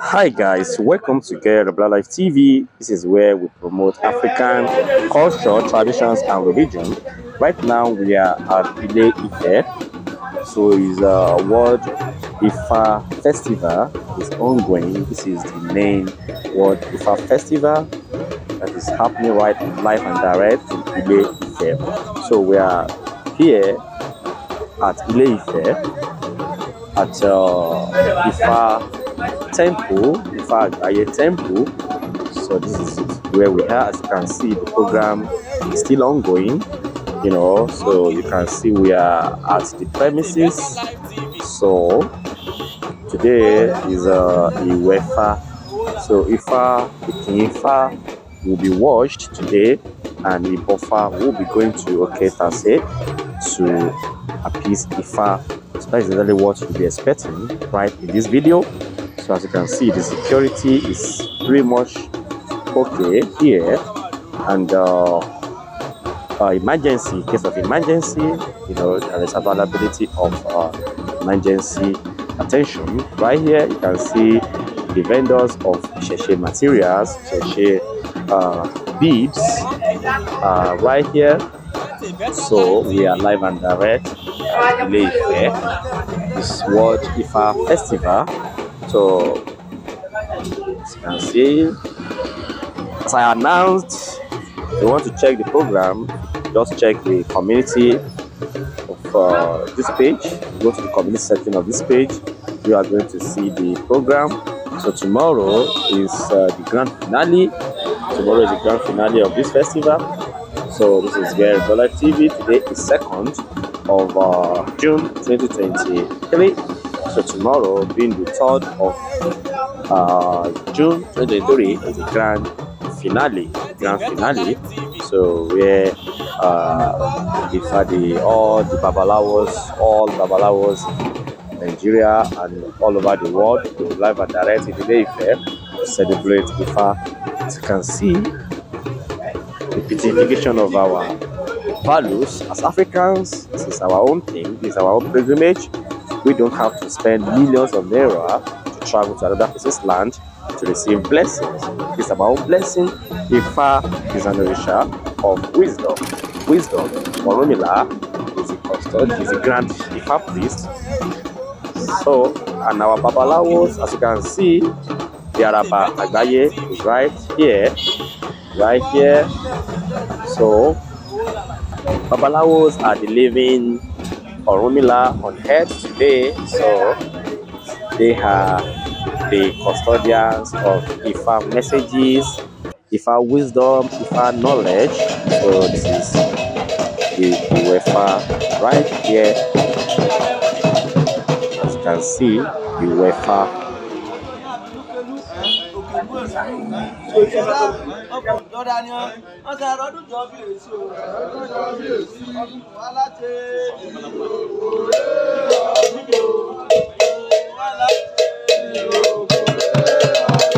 Hi guys, welcome to Get Black Life TV. This is where we promote African culture, traditions and religion. Right now we are at Ile Ife. So it's a uh, World Ifa Festival is ongoing. This is the main World Ifa Festival that is happening right live and direct in Ile Ife. So we are here at Ile Ife at uh, Ifa temple. In fact, a temple. So this is where we are. As you can see, the program is still ongoing. You know, so you can see we are at the premises. So today is uh, Iwefa. So Ifa, the Ifa will be washed today, and Ibofa will be going to Oketase to appease Ifa. So that is exactly what you'll be expecting right in this video. So as you can see, the security is pretty much okay here. And uh, uh, emergency, case of emergency, you know, there is availability of uh, emergency attention. Right here, you can see the vendors of Sheshe materials, Sheshe uh, beads, uh, right here. So we are live and direct. Ileife is World Ifa Festival so, as you can see, as I announced, if you want to check the program, just check the community of uh, this page. Go to the community section of this page. You are going to see the program. So tomorrow is uh, the grand finale. Tomorrow is the grand finale of this festival. So this is Gary Dollar TV. Today is 2nd of uh, June 2023. So tomorrow, being the 3rd of uh, June 2023, is the grand finale, grand finale. So where uh, if the all the babalawos, all babalawos, Nigeria and all over the world, will live and direct in the day fair, celebrate Ifa. As you can see, the petification of our values as Africans. This is our own thing, this is our own pilgrimage we don't have to spend millions of naira to travel to another person's land to receive blessings. It's about blessing. Ifa is an orisha of wisdom. Wisdom. Moromila is a custod, is a grand Ifa priest. So, and our babalawos, as you can see, the Araba Agaye is right here, right here. So, babalawos are the living Orumila on head today. So they are the custodians of Ifa messages, Ifa wisdom, Ifa knowledge. So this is the UEFA right here. As you can see, the UEFA lọ́dà ni wọ́n ti àrọ́ ọdún jọ bí èsì o. ọdún jọ bí èsì. ọdún wà láti. òwe ọdún wà láti. òwe ọdún.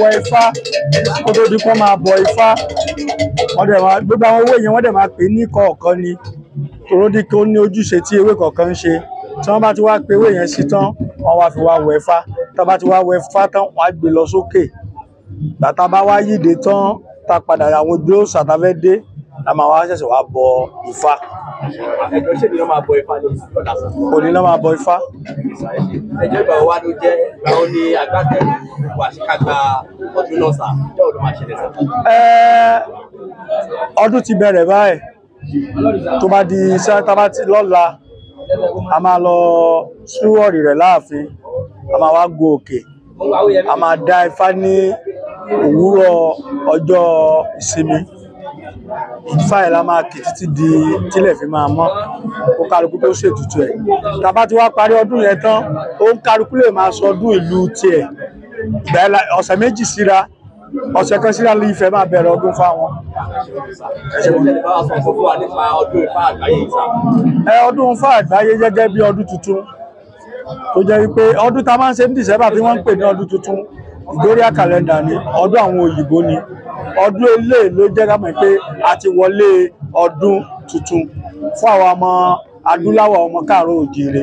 wọ ifá kó tó di kó máa bọ ifá wọ́n dẹ̀ máa gbogbo àwọn owó yẹn wọ́n dẹ̀ máa pè ní kọ̀ọ̀kan ni tòródì kí ó ní ojúṣe tí ewé kọ̀ọ̀kan ń ṣe tí wọ́n bá ti wá pe ewé yẹn sí tán wọ́n wá fi wá wọ ifá tá bá ti wá wọ ifá tán wọ́n á gbé lọ sókè bàtà bá wá yíde tán tá padà àwọn ojú òòṣà tá fẹ́ dé la máa wá wá bọ ifá ṣé ni wọ́n máa bọ ifá ní ìsìnkọ́lá? Òní náà máa bọ ifá. Ẹjọ́ ìgbà wa ló jẹ́ àwọn ní agbátẹ̀rù wà síkàgbà ọdún náà sà, jẹ́ ọdún máa ṣẹlẹ̀ sà. Ọdún ti bẹ̀rẹ̀ báyìí, tó bá di iṣẹ́ tá ti lọ́la, a máa lọ súwọ́rì rẹ̀ láàfin, a máa wá gun òkè, a máa dá ifá ní òwúrọ̀ ọjọ́ ìsinmi fáì la máa kì títí di tílẹ̀ fi máa mọ́ ó kálukú tó ṣètùtù ẹ̀ tàbá ti wá parí ọdún yẹn tán ó ń kálukú lè máa sọ ọdún ìlú tiẹ̀ bẹ́ẹ̀ ọ̀sẹ̀ méjì síra ọ̀sẹ̀ kan síra lè ìfẹ́ máa bẹ̀rẹ̀ ọdún fáwọn. ẹ ọdún Ifá àgbáyé gẹ́gẹ́ bí ọdún tuntun tó jẹ́ wípé ọdún tá a máa ń ṣe ní December tí wọ́n ń pè ní ọdún tuntun Gregorian calendar ni ọdún àwọn òyìnbó ni ọdún ilé ló jẹ́ ká mọ̀ pé a ti wọlé ọdún tuntun fún àwọn ọmọ adúláwọ̀ ọmọ káàárọ̀ oòjíire.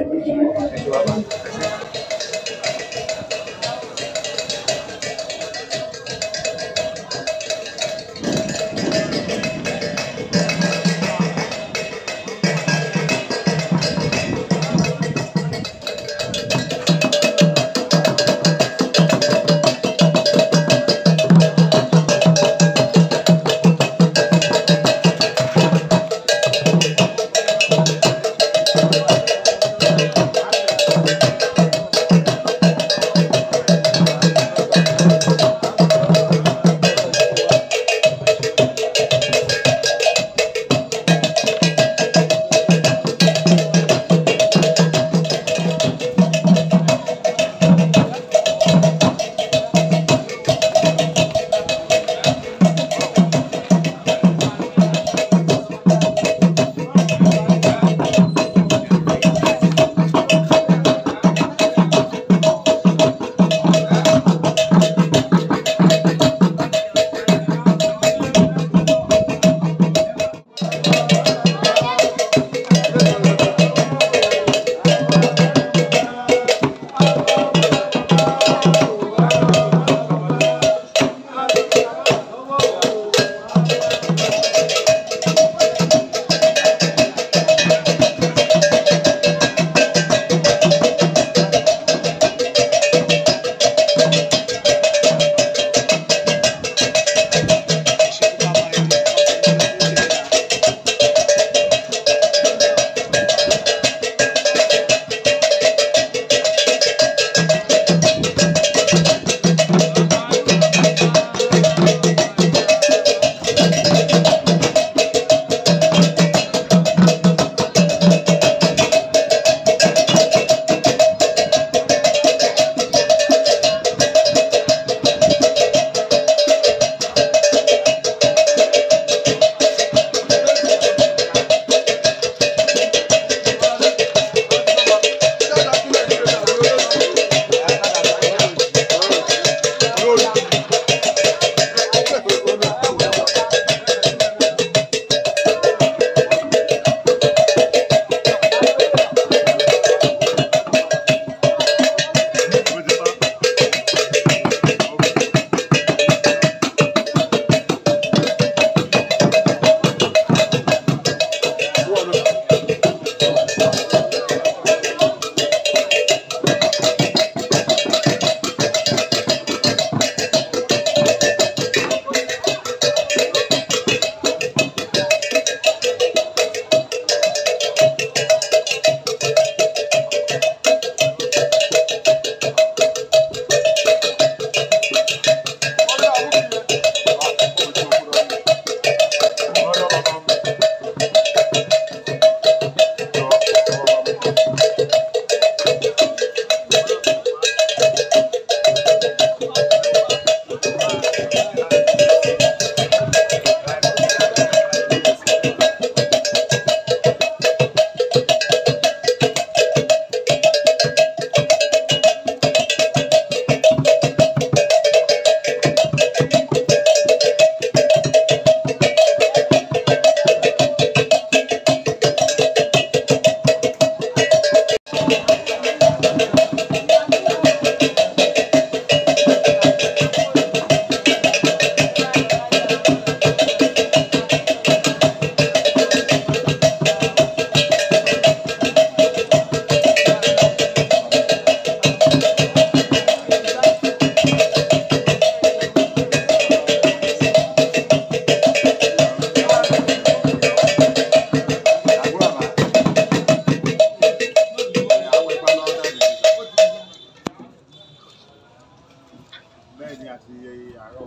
àárọ̀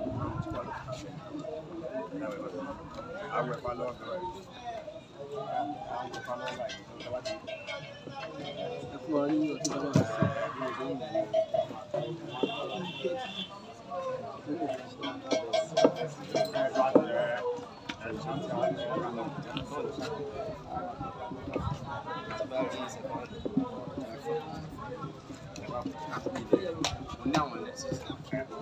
òwúrọ̀ tí wà lókè àṣẹ àwẹ̀ palọ́ ọ̀dọ́rẹ̀ àwẹ̀ palọ́ ọ̀la yìí tó tọ́wá ti ẹ fún wa ní ọtí bá e fun yeah,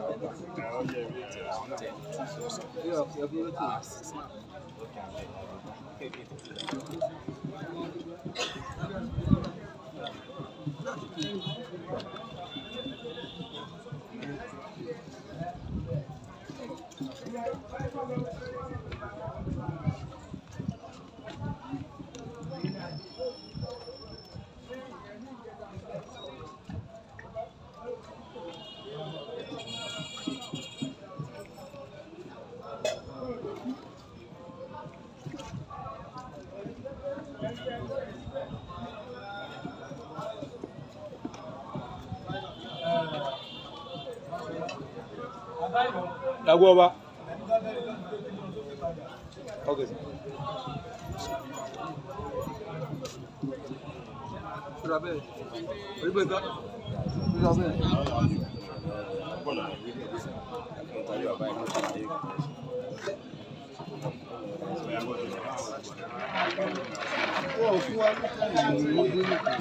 ìgbàgbọ́ wa. Okay. Wọ́n fún wa lókè ìlú lójú nìkan.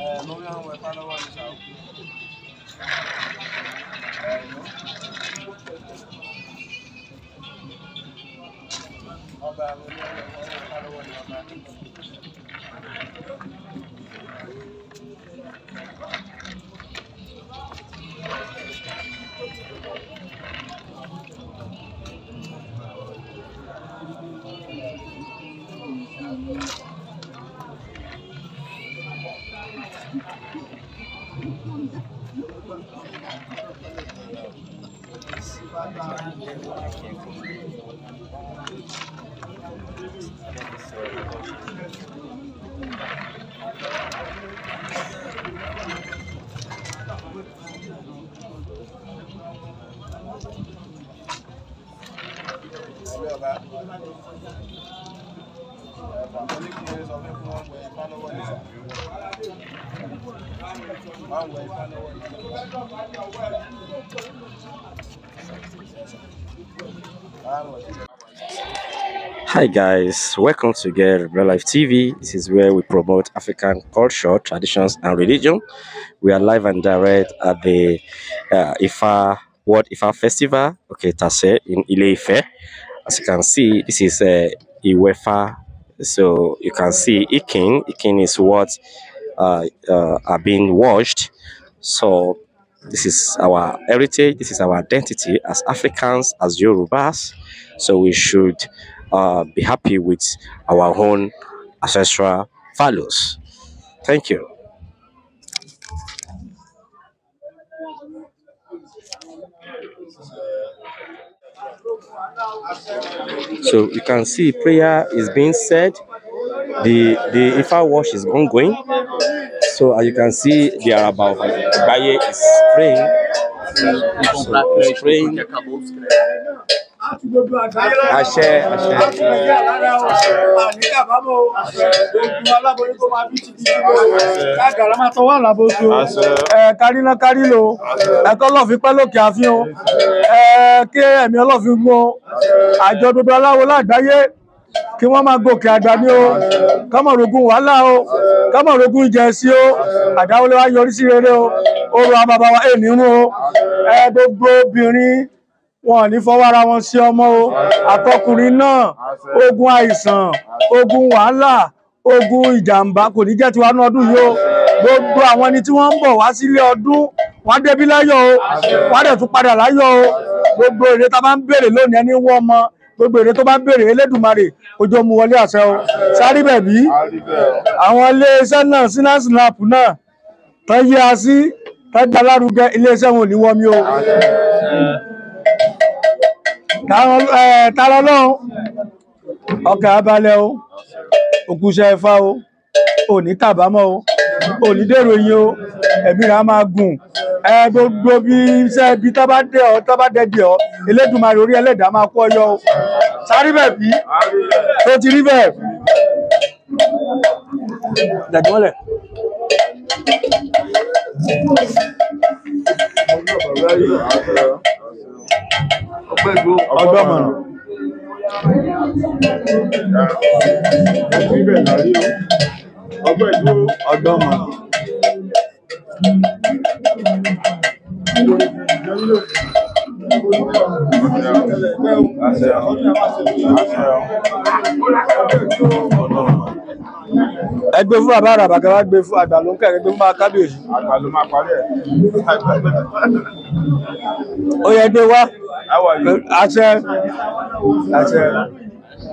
Mawla wa ta'ala wa nisa'u. Ọba Thank you. Thank you. Hi guys, welcome to Get Real Life TV. This is where we promote African culture, traditions and religion. We are live and direct at the uh, Ifa World Ifa Festival, okay, Tase in Ile Ife. As you can see, this is uh, Iwefa. So you can see Ikin. Ikin is what uh, uh, are being washed. So this is our heritage. This is our identity as Africans, as Yorubas. So we should uh, be happy with our own ancestral values. Thank you. So you can see prayer is being said. The the Ifa wash is ongoing. So as you can see, they are about Baye is spraying. So spraying. Àṣẹ, àṣẹ. Kàkàrà máa tọwọ́ àlàbòsù. Kárí náà kárí pẹ́ lókè àfihàn. Kí ẹ̀mí ọlọ́fin gbọ́n. Àjọ gbogbo aláwo lágbàáyé kí wọ́n máa gòkè àgbà ní o kámọ̀rògùn wàhálà o kámọ̀rògùn ìjẹ̀sí o àdáwọlé wa yọrí sí rere o oru àbàbà wa èèní rún o ẹ gbogbo obìnrin wọn ní fọwọ́ ara wọn sí ọmọ o àtọkùnrin náà ogun àìsàn ogun wàhálà ogun ìjàmbá kò ní jẹ́ tiwa ní ọdún yìí o gbogbo àwọn ẹni tí wọ́n ń bọ̀ wá sílé ọdún wọ́n á débí láyọ̀ o wọ́n á dẹ̀ tún padà láyọ̀ o gbogbo èrè tá bá ń béèrè lónìí ẹni wọ́n mọ́ gbogbo èrè tó bá ń béèrè Elédùmarè ojú mu wọlé àṣẹ o sáré bẹ̀bí àwọn iléeṣẹ́ náà Sinna Snap náà tó yí a sí tó gba lárugẹ iléeṣẹ́ wọn ò ní wọ́n mi o tààrà ọlọ́run ọkà abalẹ̀ o òkúṣẹ́ ẹ̀fà o òní tàbámọ̀ o òní dèrò yín o ẹ̀mí rẹ̀ á máa gùn ẹ gbogbo bí iṣẹ́ ibi tó bá dé ọ tó bá dé di ọ Elédùmarè orí ẹlẹ́dàá máa kọ́ yọ sáré bẹ́ẹ̀ bí tó ti rí bẹ́ẹ̀. dàgbọ́lẹ̀. ọgbọ́n mọ̀. ọgbọ́n ẹ gbé fún bàbá àràbà kan wá gbé fún àgbà ló ń kẹrin gbé fún máa àgbà ló máa parí ẹ. ó yẹ gbé wá àṣẹ àṣẹ.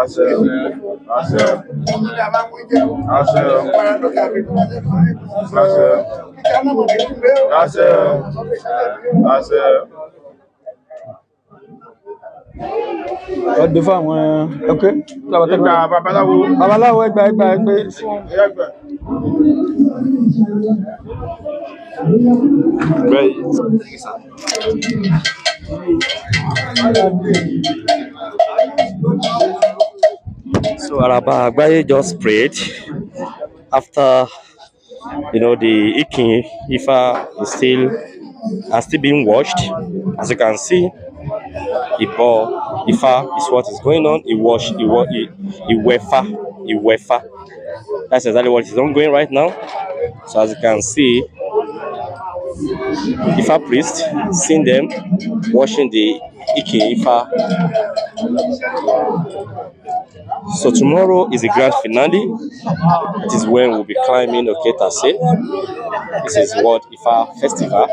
àṣẹ àṣẹ àṣẹ àṣẹ àṣẹ àṣẹ. Ọdún fún àwọn ọkẹ́. Ẹgbà babaláwo. Babaláwo ẹgbà ẹgbà ẹgbẹ́. Bẹ́ẹ̀. So Araba Agbaye just prayed after you know the Ikin Ifa is still are still being washed. As you can see, Ibo Ifa is what is going on. It wash Iwo Iwefa Iwefa. That's exactly what is ongoing right now. So as you can see, Ifa priest seen them washing the Ike Ifa. So tomorrow is the grand finale. It is when we'll be climbing Oketa Oketase. This is World Ifa Festival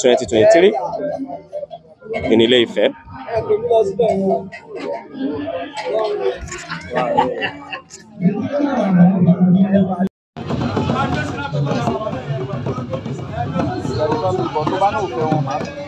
2023 in Ile Ife. Thank you.